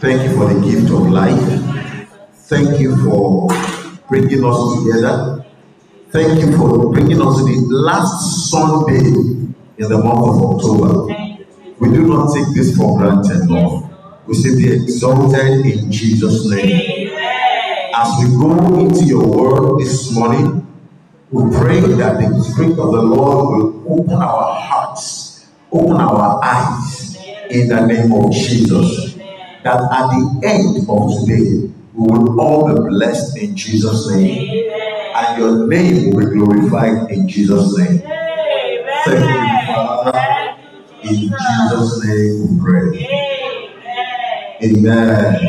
Thank you for the gift of life. Thank you for bringing us together. Thank you for bringing us this the last Sunday in the month of October. We do not take this for granted, Lord. We say be exalted in Jesus' name. As we go into your word this morning, we pray that the Spirit of the Lord will open our hearts, open our eyes in the name of Jesus. that at the end of today, we will all be blessed in Jesus' name. Amen. And your name will be glorified in Jesus' name. Amen. Thank you, Father. Thank you, Jesus. In Jesus' name we pray. Amen. Amen.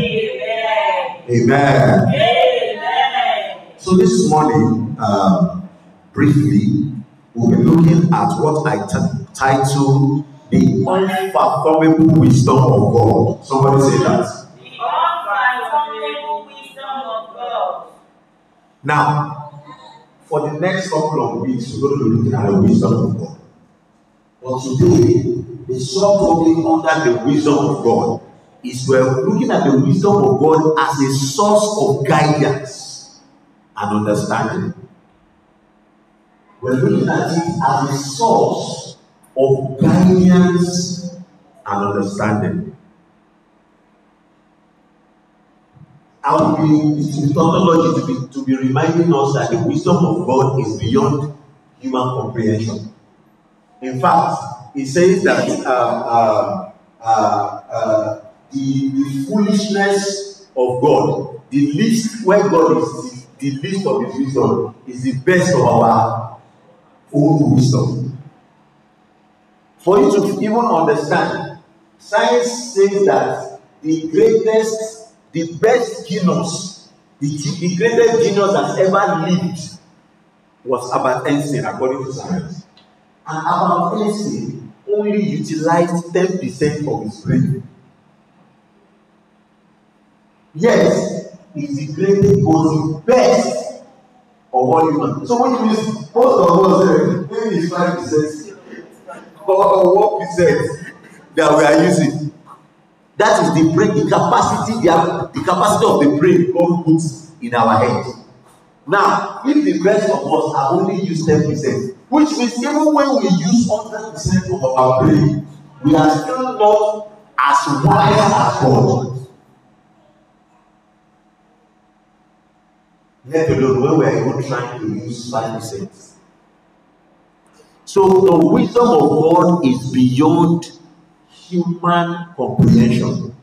Amen. Amen. So this morning, um, briefly, we'll be looking at what I t- titled The unfathomable wisdom of God. Somebody say that. The unfathomable wisdom of God. Now, for the next couple of weeks, we're going to be looking at the wisdom of God. But today, the subtopic under the wisdom of God is we're looking at the wisdom of God as a source of guidance and understanding. We're looking at it as a source of guidance and understanding. I'll be it's methodology to be to be reminding us that the wisdom of God is beyond human comprehension. In fact, he says that uh, uh, uh, the, the foolishness of God, the least where God is the, the least of his wisdom, is the best of our own wisdom. For you to even understand, science says that the greatest, the best genius, the, the greatest genius that ever lived was Albert Einstein, according to science. And Albert Einstein only utilized ten percent of his brain. Yes, is the greatest, was the best of all humans. So when you use most of us, eh, maybe it's percent or one percent that we are using that is the brain the capacity the, the capacity of the brain God puts in our head now if the rest of us are only use 10, which means even when we use 100 of our brain we are still not as wise as God. Let alone when we are even trying to use five So the wisdom of God is beyond human comprehension.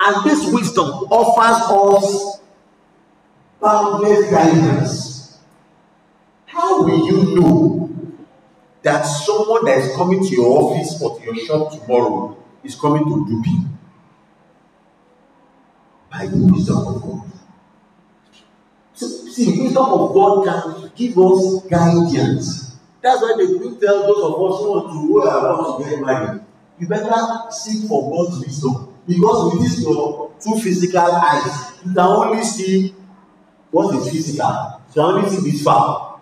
And this wisdom offers us boundless guidance. How will you know that someone that is coming to your office or to your shop tomorrow is coming to do you? By the wisdom of God. See, wisdom of God can give us guidance. That's why they do tell those of us who want to who are want to get married, you better seek for God's wisdom because with this your two physical eyes, you can only see what is physical. You can only see this far.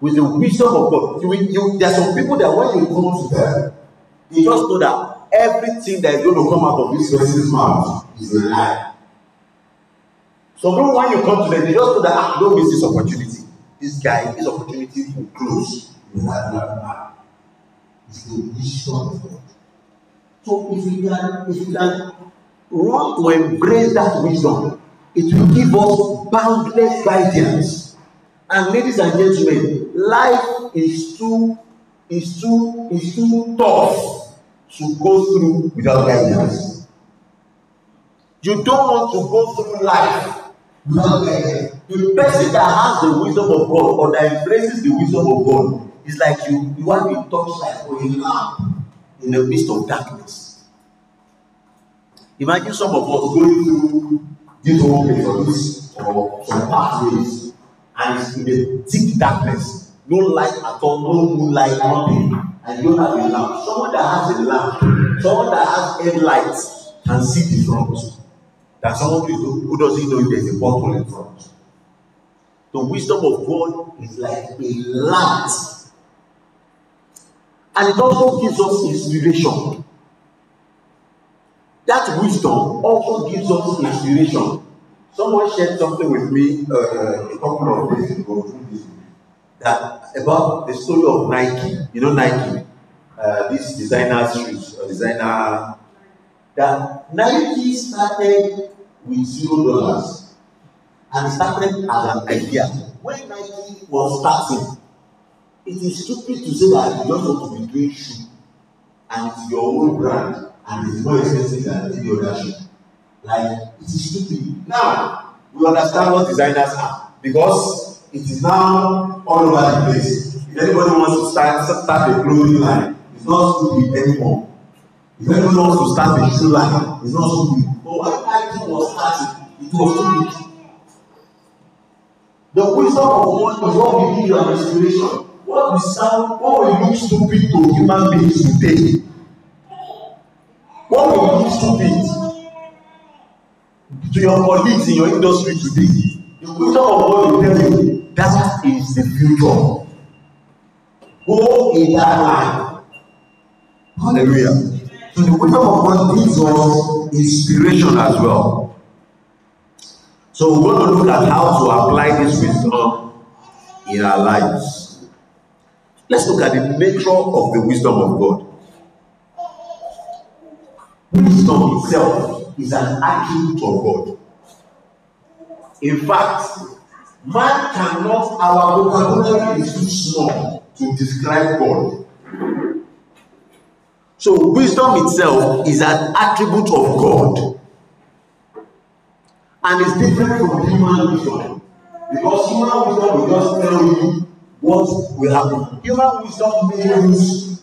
With the wisdom of God, you, you there are some people that when you come to them, they just know that everything that is going to come out of this person's mouth is a lie. Some people when you come to them, they just know that ah, don't miss this opportunity. This guy, this opportunity will close. That man is the vision of God. So if we can if we can run to embrace that wisdom, it will give us boundless guidance. And ladies and gentlemen, life is too is too is too tough to go through without guidance. You don't want to go through life without guidance. The person that has the wisdom of God or that embraces the wisdom of God It's like you, you have a torchlight or a lamp in the midst of darkness. Imagine some of us going through this whole methods or some pathways and it's in the thick darkness, no light at all, no moonlight, nothing, and you have a lamp. Someone that has a lamp, someone that has headlights can see the front. That someone who doesn't know if there's a bottle in front. The wisdom of God is like a light And it also gives us inspiration. That wisdom also gives us inspiration. Someone shared something with me uh, a couple of days ago that about the story of Nike. You know Nike, uh, this designer shoes, uh, designer. That Nike started with zero dollars and started as an idea. When Nike was starting, It is stupid to say that you just want to be doing shoe and your own brand and it's more expensive than any other shoe. Like it is stupid. Now we understand what designers are because it is now all over the place. If anybody wants to start start a clothing line, it's not stupid anymore. If anybody wants to start a shoe line, it's not stupid. But when Nike was starting, it was stupid. The wisdom of one is what we need your inspiration what we sound what we look stupid to human beings today what we look stupid to your colleagues in your industry today the future of what you tell you that is the future go in that line hallelujah so the wisdom of God gives us inspiration as well so we want to look at how to apply this wisdom in our lives. Let's look at the nature of the wisdom of God. Wisdom itself is an attribute of God. In fact, man cannot, our vocabulary is too small to describe God. So, wisdom itself is an attribute of God. And it's different from human wisdom. Because human wisdom will just tell you what will happen. Human wisdom means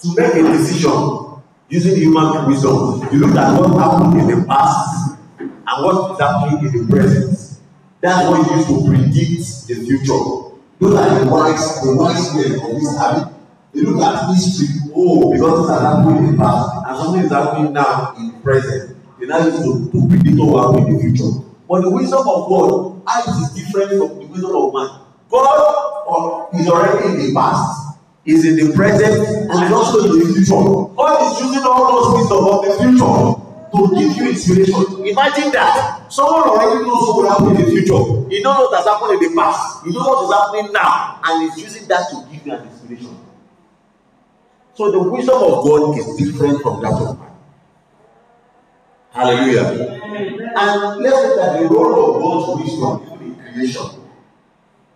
to make a decision using human wisdom. You look at what happened in the past and what is happening in the present. That's what you use to predict the future. look at the wise, the wise men of this habit. They look at history, oh, because this has happened in the past and something is happening now in the present. They now use to, to predict what will happen in the future. But the wisdom of God, how it is different from the wisdom of man. God is already in the past, is in the present, and also in the future. God is using all those wisdom of the future to give you inspiration. Imagine that someone already knows what will happen in the future. He knows what has happened in the past. He knows what is happening now, and he's using that to give you an inspiration. So the wisdom of God is different from that of man. Hallelujah. And let's look at the role of God's wisdom in creation.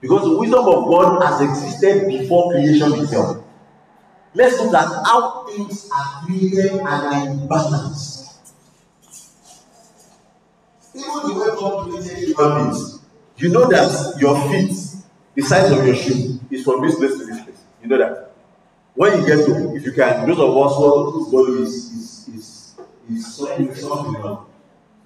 Because the wisdom of God has existed before creation itself. Let's look at how things are created and are in balance. Even the way God created human beings, you know that your feet, the size of your shoe, is from this place to this place. You know that. When you get to, if you can, those of us whose body is is is is something something.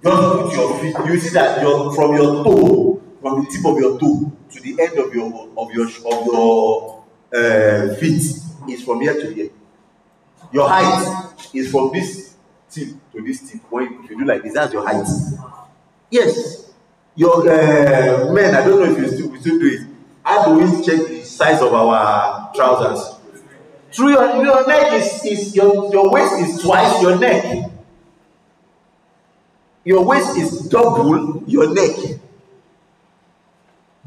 Just put your feet. You see that your from your toe from the tip of your toe to the end of your of your of your uh, feet is from here to here. Your height is from this tip to this tip. When you do like this, that's your height. Yes, your uh, men. I don't know if you still we still do it. I always check the size of our trousers. Through your your neck is is your your waist is twice your neck. Your waist is double your neck.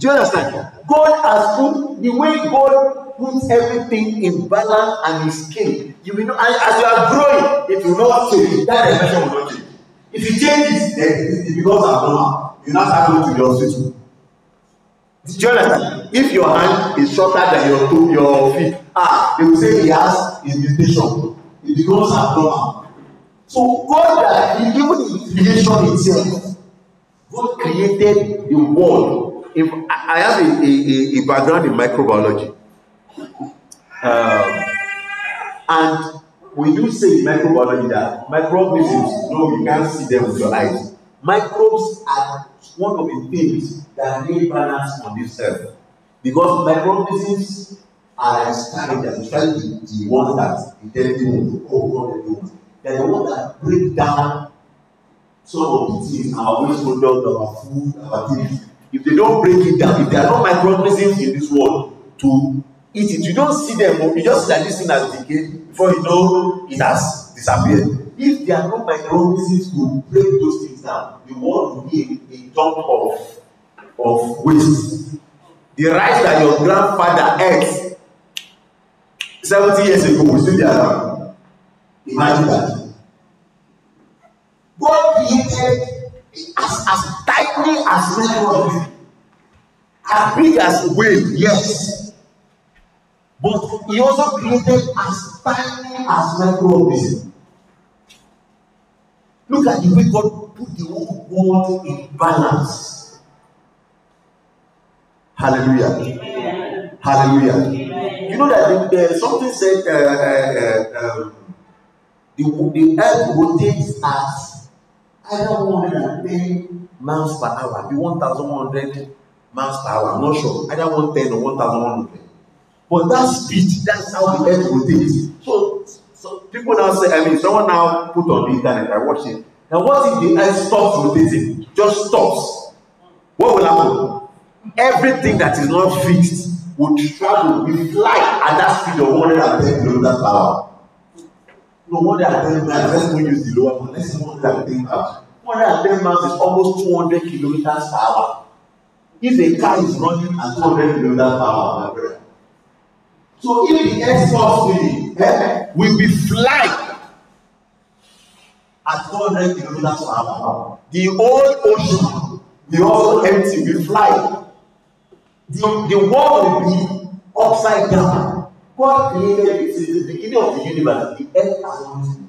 Do you understand? God has put the way God put everything in balance and is scale. You will know, and as you are growing, If you not change. That dimension will not change. If you change it, then it becomes abnormal. You now start going to the hospital. Do you understand? If your hand is shorter than your toe, your feet, ah, they will say he has his mutation. It becomes abnormal. So God that He even in creation itself, God created the world if I, I have a, a, a, background in microbiology. Um, and we do say in microbiology that microorganisms, no, you can't see them with your eyes. Microbes are one of the things that they balance on this earth. Because microorganisms are scavengers, especially the, the ones that the deadly ones, the cold They're the ones that break down some of the things, our waste products, our food, our things if they don't break it down if they are not microorganisms in this world to eat it you don't see them o oh, you just see that this thing has decayed before you know it has disappeared if there are no microorganisms to break those things down the world will be a, dump of of waste the rice that your grandfather ate seventy years ago will still be around imagine that God created as as tiny as network as big as wave yes but he also created as tiny as microorganism look at the way God put the whole world in balance hallelujah Amen. hallelujah Amen. you know that the, uh, something said uh, uh, uh, um, the, the earth rotates as either 120 miles per hour, be 1,100 miles per hour, not sure, either 110 or 1,100. But that speed, that's how the earth rotates. So, so people now say, I mean, someone now put on the internet, I watch it. Now, what if the earth stops rotating? Just stops. What will happen? Everything that is not fixed would travel, will fly at that speed of 110 kilometers per hour. No wonder ten miles. Let's not use the lower one. Let's use one hundred and ten miles. One hundred and ten miles is almost two hundred kilometers per hour. If a car is running at two hundred kilometers per hour, my brother. So if the air source really eh, will be flying at two hundred kilometers per hour, the whole ocean, the whole empty will fly. The the world will be upside down. God created it beginning of the universe, the earth around him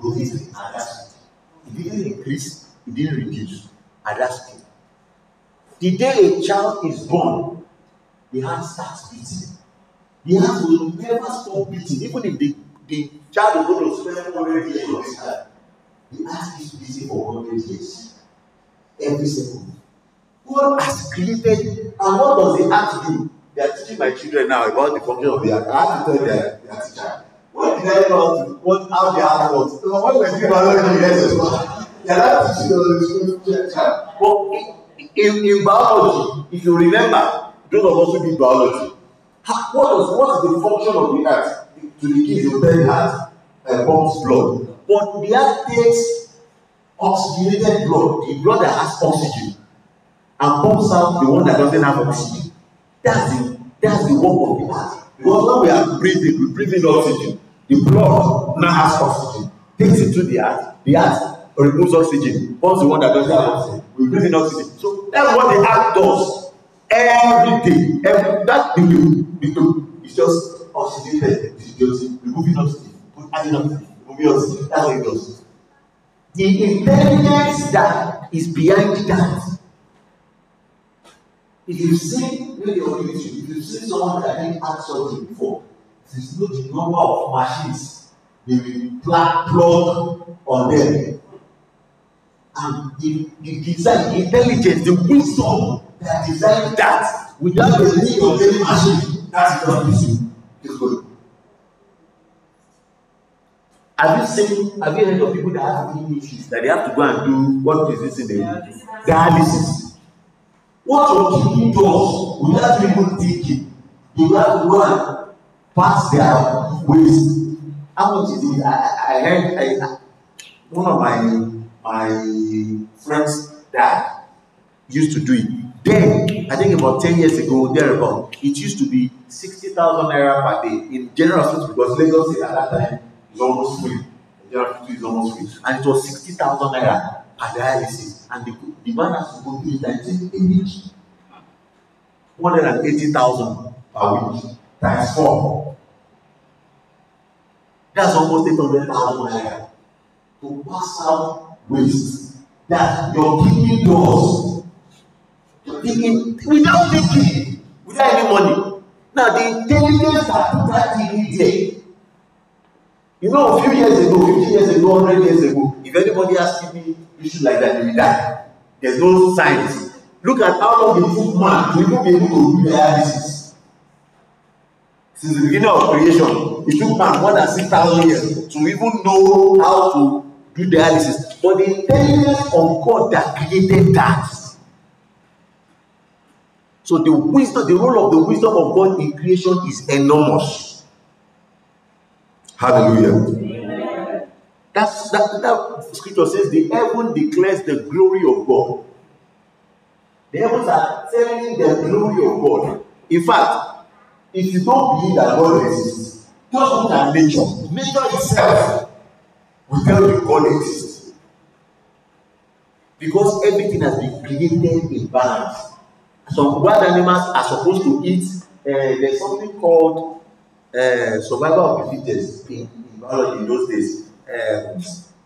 grew and that's it. It didn't increase, it didn't reduce, and The day a child is born, the heart starts beating. The heart will never stop beating, even if the, the child is going to spend 100 years on this earth. The heart is beating for 100 years, every second. God has created, and what does the heart do? They are teaching my children now about the function of the hand. I have to tell their their teacher. What did I know what how the hand works? So when we do biology, yes, it's not. They are not teaching us the school But in in biology, if you remember, those of us who did biology, what was what is the function of the earth To the kids, you tell the heart pumps blood. But the earth takes oxygenated blood, the blood that has oxygen, and pumps out the one that doesn't have oxygen. That's the that's the work of the heart. Because when we are breathing, we breathing oxygen. The blood now has oxygen, takes it to the heart. The heart removes oxygen, forms the one that doesn't have oxygen. We breathe in oxygen. So that's what the heart does every day. Every, that the do, the do is just oxygenated, removing oxygen, adding oxygen, removing oxygen. That's what it does. The intelligence that is behind that. If you see when you're on YouTube, if you see someone that didn't add something before, it is not the number of machines they will plug plug on them. And the, the design, the intelligence, the wisdom that designed that without the need of any machine, that is not easy. It's good. Have you seen, have you heard of people that have kidney issues that they have to go and do what is this in the dialysis? What your giving does without even thinking, you have one pass their ways. How much is it? I, I heard I, one of my my friends dad used to do it. Then, I think about ten years ago, there about it used to be sixty thousand naira per day in general hospital because Lagos at that time is almost free. General hospital is almost free. And it was sixty thousand naira A dialysis and the, the man has to go through it I think a week one hundred and eighty thousand per week times four that's almost eight hundred thousand naira to pass out waste that your kidney does your kidney without thinking without any money now the intelligence that put that kidney there You know, a few years ago, 50 years ago, 100 years ago, if anybody has kidney issues like that, they will die. There's no science. Look at how long it took man to even be able to do dialysis. Since the beginning of creation, it took man more than 6,000 years to even know how to do dialysis. But the intelligence of God that created that. So the wisdom, the role of the wisdom of God in creation is enormous. Hallelujah. That's, that, that scripture says the heaven declares the glory of God. The heavens are telling the glory of God. In fact, if you don't believe that God exists, just look at nature. Nature itself will tell you God exists. Because everything has been created in balance. Some wild animals are supposed to eat, uh, there's something called uh, eh, survival of the fittest in, in biology in those days. Uh,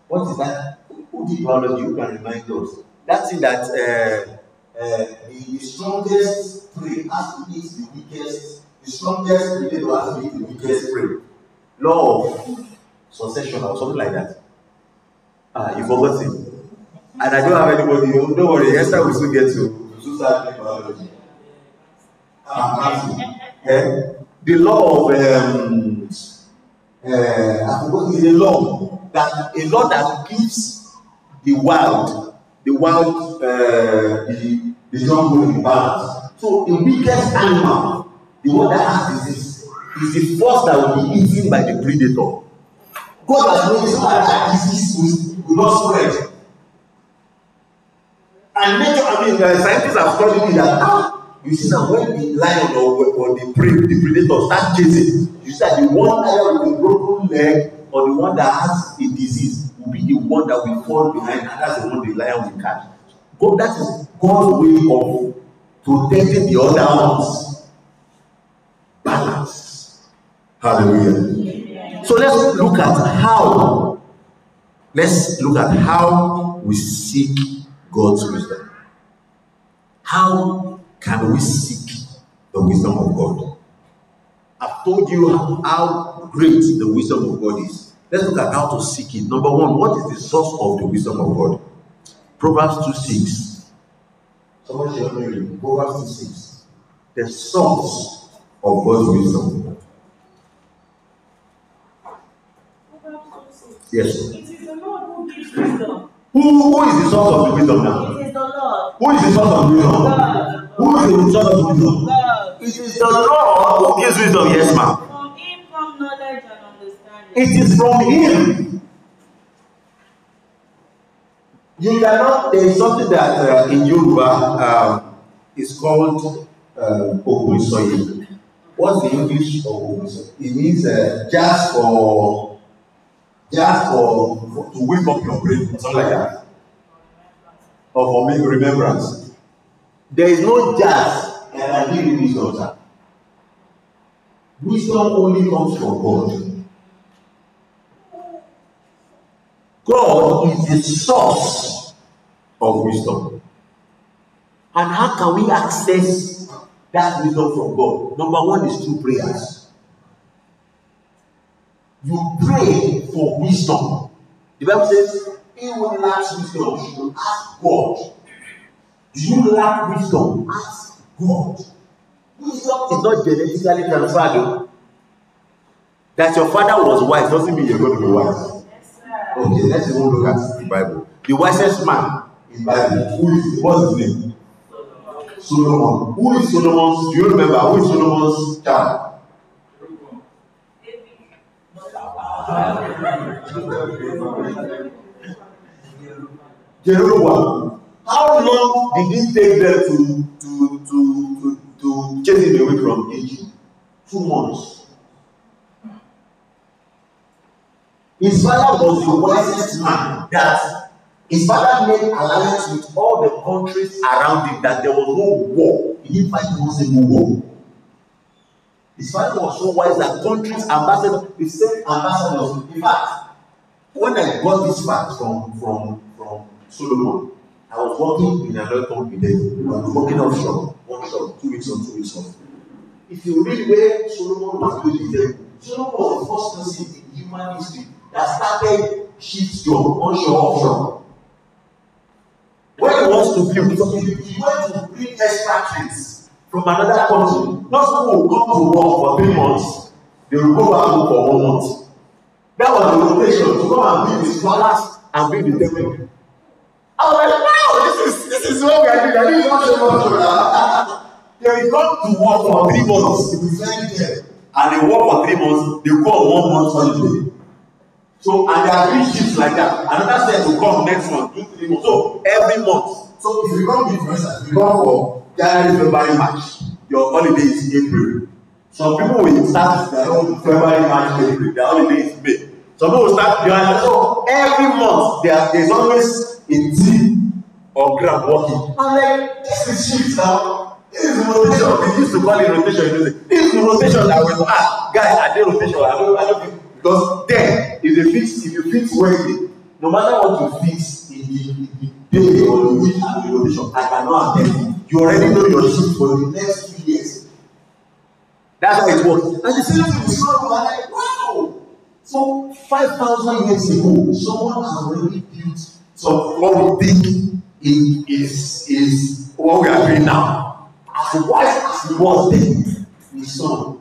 what is that? Who did biology? Who can remind us? That thing that uh, uh, the, strongest prey has to eat the weakest, the strongest predator has to eat the weakest prey. Law of succession or something like that. Ah, you forgot it. And I don't have anybody. Oh, don't worry, Esther will soon get to. Susan biology. Ah, Matthew. Eh? the law of um, uh, I forgot is a law that a law that gives the wild the wild uh, the the jungle in balance so the biggest animal the one that has disease is the first that will be eaten by the predator God has made it so that disease will, not spread and nature I mean uh, scientists have studied it that You see now when the lion or, or the prey, the predator start chasing, you see that the one lion with a broken leg or the one that has a disease will be the one that will fall behind and that's the one the lion will catch. But that is God's way of protecting the other ones. Balance. Hallelujah. So let's look at how, let's look at how we seek God's wisdom. How Can we seek the wisdom of God? I've told you how, how great the wisdom of God is. Let's look at how to seek it. Number one, what is the source of the wisdom of God? Proverbs 2 6. Someone should read Proverbs 2 6. The source of God's wisdom. Yes. It is the Lord who gives wisdom. Who, who is the source of the wisdom now? It is the Lord. Who is the source of the wisdom? God. Who is the wisdom of you? It is the Lord who gives wisdom, yes, ma'am. From him come knowledge and understanding. It is from him. You cannot, there is something that uh, in Yoruba um, is called uh, Ogunsoye. What's the English of Ogunsoye? It means uh, just for, just for, for, to wake up your brain, something like that. Or for make remembrance. There is no jazz that can give you wisdom, sir. Wisdom only comes from God. God is the source of wisdom. And how can we access that wisdom from God? Number one is through prayers. You pray for wisdom. The Bible says, He will lack wisdom. You ask God Do you lack wisdom, ask God. Wisdom is not genetically transferred. Oh. That your father was wise doesn't mean you're going to be wise. Yes, okay, let's even look at the Bible. The wisest man in Bible, who is what's his name? Solomon. Who is Solomon's? Do you remember who is Solomon's child? Jeroboam. How long did it take them to, to, to, to, to chase him away from Egypt? Two months. His father was the wisest man that his father made alliance with all the countries around him that there was no war. He didn't fight one war. His father was so wise that countries, ambassadors, he same ambassadors. In fact, when I got this fact from, from, from Solomon, I was working in another company then. I was working offshore, one shop, two weeks on, two weeks off. If you read where Solomon was building them, Solomon was the first person in human history that started shift job onshore, offshore. When he wants to build, he went to bring extra trades from another country. Not people will come to work for three months, they will go back home for one month. That was the motivation to come and build his palace and build the temple. I was like, wow, this is this is what we are doing. I didn't even say what to now. They come to work for three months. They find them. And they work for three months. They go on one month holiday. So and they are doing shifts like that. Another set will come next month, two, three months. So every month. So if you come with friends, you come for January, February, March. Your holiday is April. Some people will start their own February, March, April. Their holiday is May. Some people start they are so every month there there is always a team or grab working. I'm like this is shit now. This is rotation. They used to call it rotation. You know, this is rotation that we go ah guys I dey rotation I don't I don't fit because then if you fix if you fix Wednesday no matter what you fix in the in the day or the week and the rotation I cannot attend you already know your shift for the next few years. That's how it works. And the same thing with small like what. So 5,000 years ago, someone has already built so what we think is, is, is what we are doing now. As wise as he was then, he his son.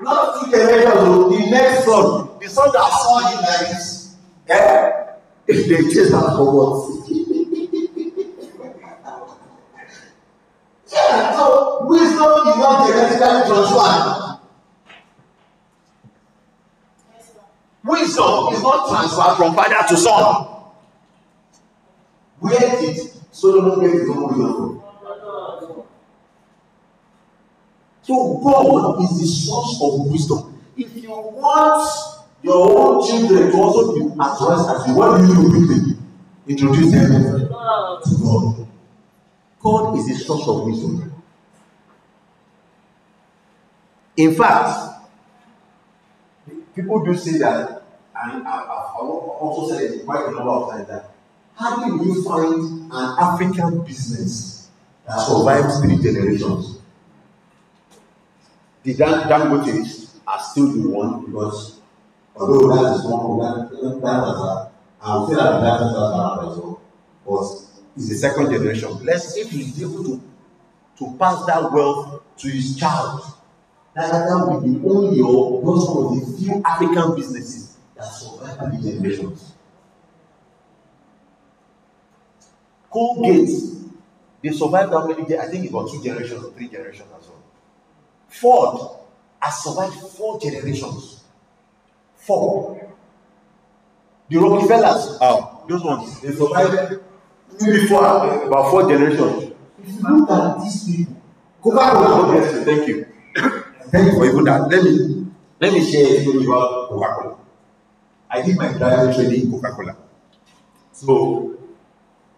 Now think about the next son, the son that saw him like this. Eh? If they chase that for what? yeah, so wisdom is not genetically transferred. Wisdom is not transferred from father to son. Where did Solomon get his own wisdom from? So God is the source of wisdom. If you want your own children to also be as wise as you, what do you do with them? Introduce them to God. God is the source of wisdom. In fact, people do say that and I, have also said it quite a number of times that how do you find an African business that survives three generations? The Dan Dangotes are still the one because although that is one that, that was a, I would say that that was a as well, but it's the second generation. Let's if he's able to to pass that wealth to his child, that that will be the only or those of the few African businesses That's measures. Colgate, they survived how many I think about two generations or three generations as well. Ford has survived four generations. Four. The Rockefellers, oh, those ones, they survived maybe four. about four generations. If you look at these people, Coca-Cola. Yes, thank you. thank you for even that. Let me let me share a story about Coca-Cola. I did my driver training in Coca-Cola. So,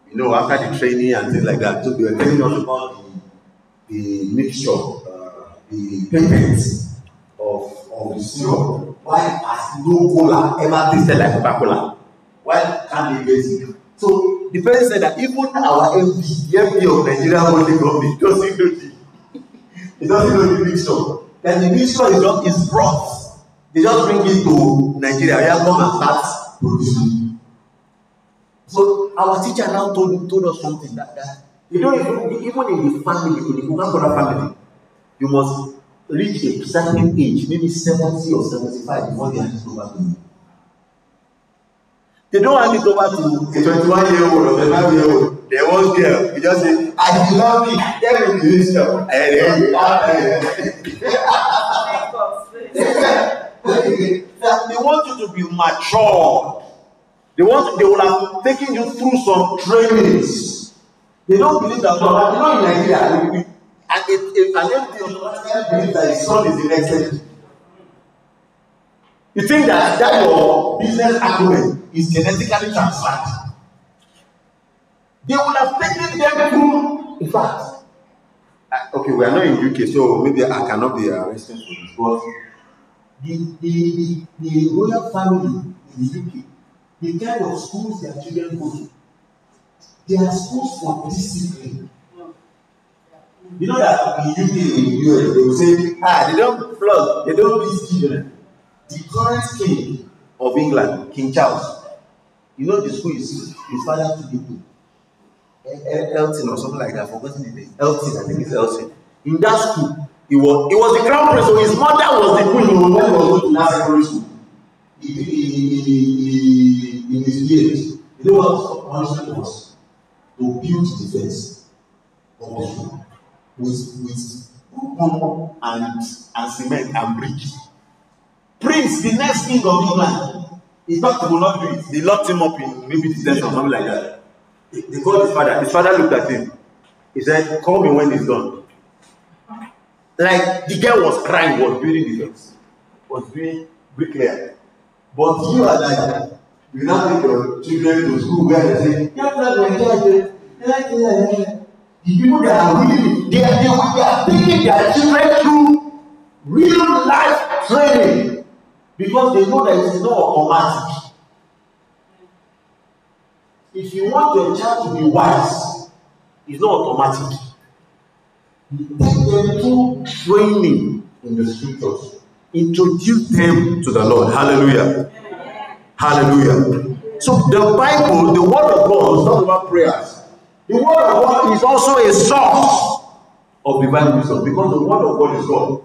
you know, after the training and things like that, so they were telling us about the, the mixture, uh, the payments of, of the syrup. Why has no cola ever tasted like Coca-Cola? Why can't they get it? So the person said that even our MP, the MP of Nigeria Holding Company, doesn't know the, doesn't know the mixture. That the mixture is not is broth they just bring me to Nigeria where come and start producing so our teacher now told told us something that that you know even even in the family in the Coca-Cola family you must reach a certain age maybe seventy or seventy-five before they hand it over to you they don hand it over to a twenty-one year old or twenty-five year old there was girl you just say i dey love you tell me the reason and then you that they want you to be mature. They want they will have taken you through some trainings. They don't believe that God, you know in Nigeria, and if, if an empty automatically believes that his son is the next empty. You think that that your business acumen is genetically transferred. They will have taken them through, in fact. Uh, okay, we are not in UK, so maybe I cannot be arrested for this, but the, the, the, the royal family in the UK, the kind of schools their children go to, their schools for discipline. You know that in UK, in US, they will say, ah, they don't flog, they don't beat children. The current king of England, King Charles, you know the school is his father to people. Eh, eh, Elton or something like that, I've forgotten the name. Elton, I think it's Elton. In that school, He was, he was the crown prince, so his mother was the queen when he was going to that secondary school. He, he, he, he, he misbehaved. You know what punishment was? To build the fence of the school with, with coupon and, and cement and brick. Prince, the next king of England, he thought he would not do it. They locked him up in maybe the detention or something like that. They called his father. His father looked at him. He said, Call me when he's done. Like the girl was crying, was building the fence, was doing bricklayer. But you are like, you now take your children to school where they say, can't let my child The people that are really, they are, they, are, taking their children through real life training because they know that it is not automatic. If you want your child to be wise, it's not automatic. Take them through training in the scriptures. Introduce them to the Lord. Hallelujah. Hallelujah. So the Bible, the Word of God, is not about prayers. The Word of God is also a source of divine wisdom because the Word of God is God.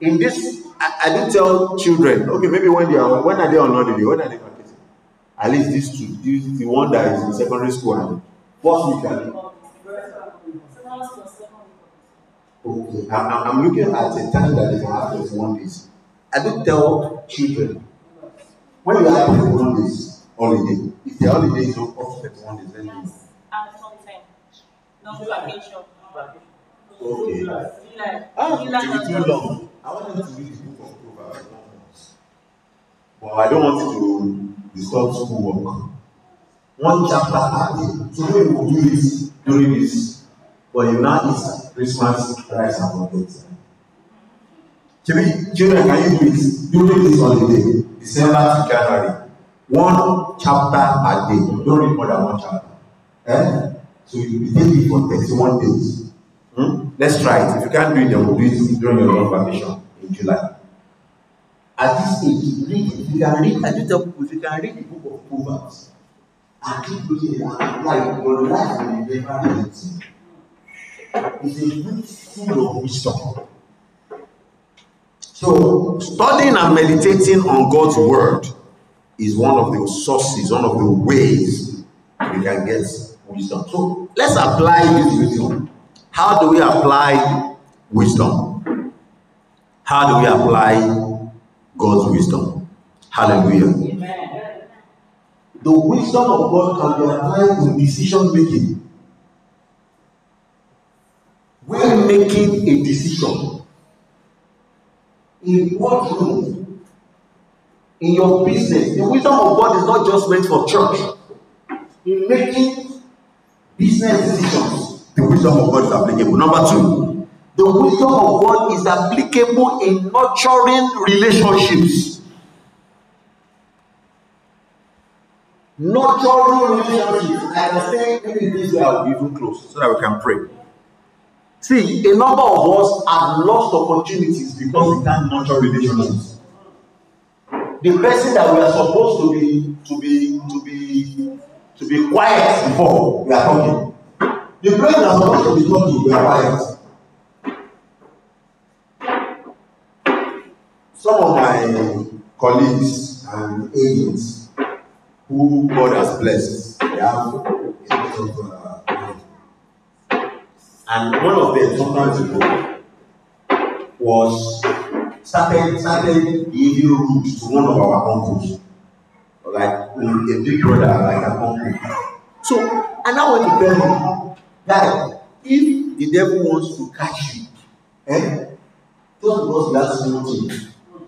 In this, I, I did tell children, okay, maybe when they are, when are they on holiday? When are they vacating? At least these two, this, the one that is in secondary school and first week. Okay, I'm, I'm looking at the time that they can have 21 days. I don't tell children, when you have one days holiday, if the holiday is off ah, to one days, then you. At Okay. July. Ah, it be too long. I want them to read the book of Proverbs. Well, I don't want to disturb schoolwork. One chapter at a day. Today we will do this during this. But you now is Christmas Christ and market. Three children can you do it during this holiday December to January one chapter a day you don't read more than one chapter eh? so you be dey live for thirty-one days hmm? let's try it if you can't do it then we'll do it during your long vacation in July at this age read if you can read I do tell people you can read the book of Proverbs and keep reading and apply your life will never be the same is a book full of wisdom. So, studying and meditating on God's word is one of the sources, one of the ways we can get wisdom. So, let's apply this wisdom. How do we apply wisdom? How do we apply God's wisdom? Hallelujah. Amen. The wisdom of God can be applied in decision making when making a decision in what room in your business the wisdom of God is not just meant for church in making business decisions the wisdom of God is applicable number two the wisdom of God is applicable in nurturing relationships nurturing relationships I was saying maybe this way I will even close so that we can pray. See, a number of us have lost opportunities because we can't nurture relationships. The person that we are supposed to be to be to be to be quiet before we are talking. The person that's supposed to be talking, we are quiet. Some of my colleagues and agents who God has blessed, they have a lot of uh, and one of the important people was started started giving root to one of our uncles like a big brother like an uncle so and i want to tell you guy if the devil wants to catch you eh just because that small thing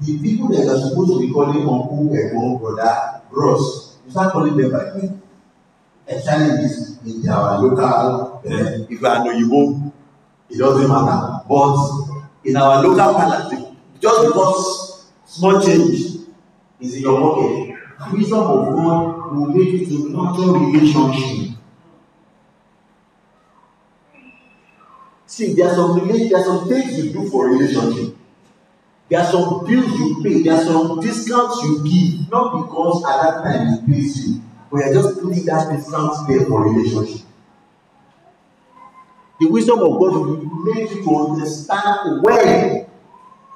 the people that are supposed to be calling uncle egbon brother bros you start calling them by name and challenges in our local uh, if you are an oyibo it doesn't matter but in our local palate just because small change is in your pocket the wisdom of God will make you to nurture relationship see there are some relate there are some things you do for relationship there are some bills you pay there are some discounts you give not because at that time it please you We are just putting that discount there for relationship. The wisdom of God will make you to understand when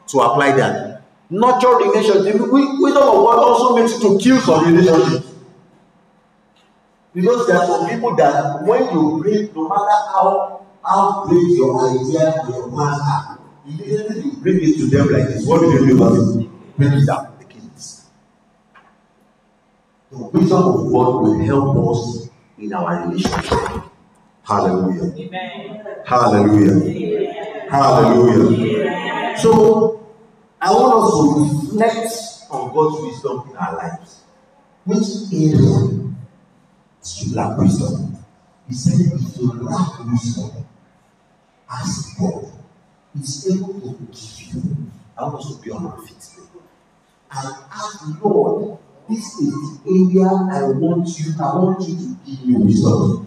to apply that. Nurture relationship. The wisdom of God also makes you to kill some relationships. Because there are some people that when you bring, no matter how how great your idea and your plans immediately you bring it to them like this. What do you do about it? Break it down. The wisdom of God will help us in our relationship. Hallelujah. Amen. Hallelujah. Amen. Hallelujah. Amen. So, I want us to reflect on God's wisdom in our lives. Which area do you lack wisdom? He said, if you lack wisdom, ask God. He's able to give you. I want us to be on our feet. And ask, Lord, This is the area I want you, I want you to give me wisdom.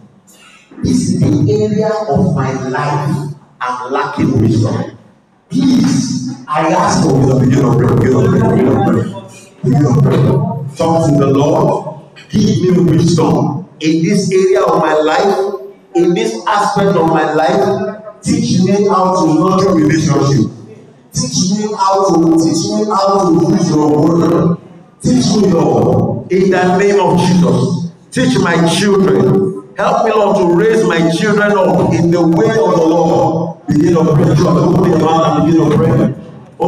This is the area of my life I'm lacking wisdom. Please, I ask for wisdom. Begin to pray, begin to pray, begin to pray. Begin to pray. to the Lord. Give me wisdom in this area of my life, in this aspect of my life. Teach me how to nurture relationship. Teach me how to teach me how to use your word. Teach me, Lord, in the name of Jesus. Teach my children. Help me, Lord, to raise my children up in the way of the Lord. Begin to pray. Begin to pray.